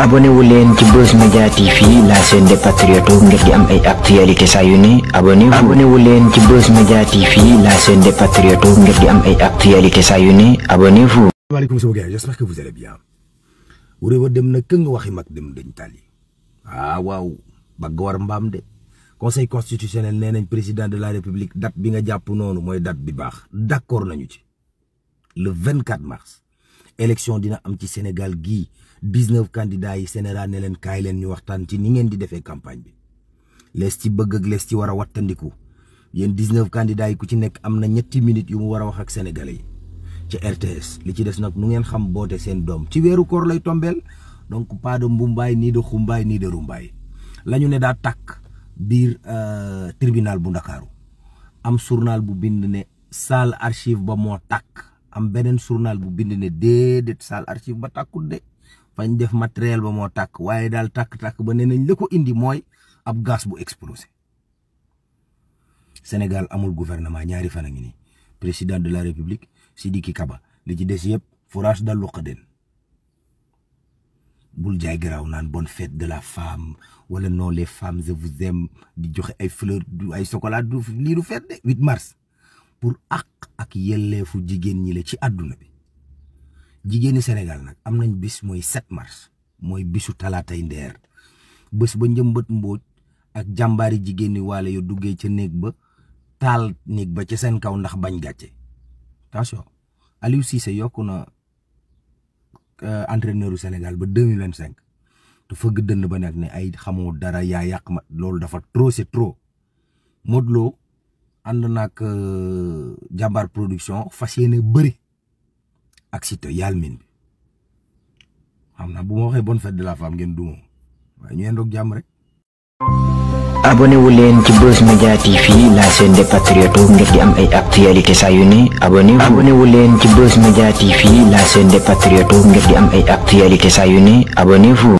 abonné wu leen ci Buzz Media TV la chaîne des patriotes ngir di am ay actualité saa yu ne abonné leen ci Buzz Media TV la chaîne des patriotes ngir di am ay actualité saa yu ne abonnez-vous. asalaamaaleykum sama gars j'espère que vous allez bien. wuréewa dem na këng waxi mag dem dañ tali. ah waaw bagg war mbaam de. conseil constitutionnel nee nañ président de la république dat bi nga jàpp noonu mooy date bi baax d'accord nañu ci le 24 mars. élection dina am ci Sénégal gii dix-neuf yi Sénégal ne leen kaay leen ñu waxtaan ci ni ngeen di defee campagne bi lees ci bëgg ak lees ci war a wattandiku yéen dix-neuf candidats yi ku ci nekk am na ñetti minutes yu mu war a wax ak sénégalais yi ci RTS li ci des nag nu ngeen xam boote seen doom ci weeru koor lay tombeel donc pas de mbumbaay nii de xumbaay nii de rumbaay lañu ne daa takk biir euh, tribunal bu ndakaaru am journal bu bind ne salle archive ba moo tàkk am beneen journal bu bind ne déedéet salle archive ba tàkkul de fañ def matériel ba moo tàkk waaye daal tàkk-tàkk ba nee nañ la ko indi mooy ab gaz bu explosé senegal amul gouvernement ñaari fan a de la république Sidiki Kaba li ci des yëpp forage dal luqadeen bul jaay garaaw naan bonne fête de la femme wala non les femmes je di joxe ay fleurs du ay chocolat du lii de 8 mars pour àq ak yelleefu jigéen ñi la ci àdduna bi jigéeni Sénégal nag am nañ bis mooy 7 mars mooy bisu talaatay ndeer bés ba njëmbat mbóoj ak jàmbaari jigéeni ñi waale yu duggee ca néeg ba taal néeg ba ca seen kaw ndax bañ gàcce attention Aliou Cissé yokku na euh, entraîneur u ba deux mille vingt cinq te fëgg dënn ba nag ne ay xamoo dara yaa yàq ma loolu dafa trop c'est trop Modou ànd naag euh, jàmbaar production fas yéene bëri ak Siteu yàlla miin bi xam naa bu ma waxee bonne fête de la femme ngeen du waaye ñu yendoog jàmm rek. abonné wu leen ci Buzz Media TV la seen des patriotes ngir di am ay actualité saa yu ne abonné wu. abonné wu leen ci Buzz Media TV la chaîne des patriotes ngir di am ay actualité saa yu ne abonné wu.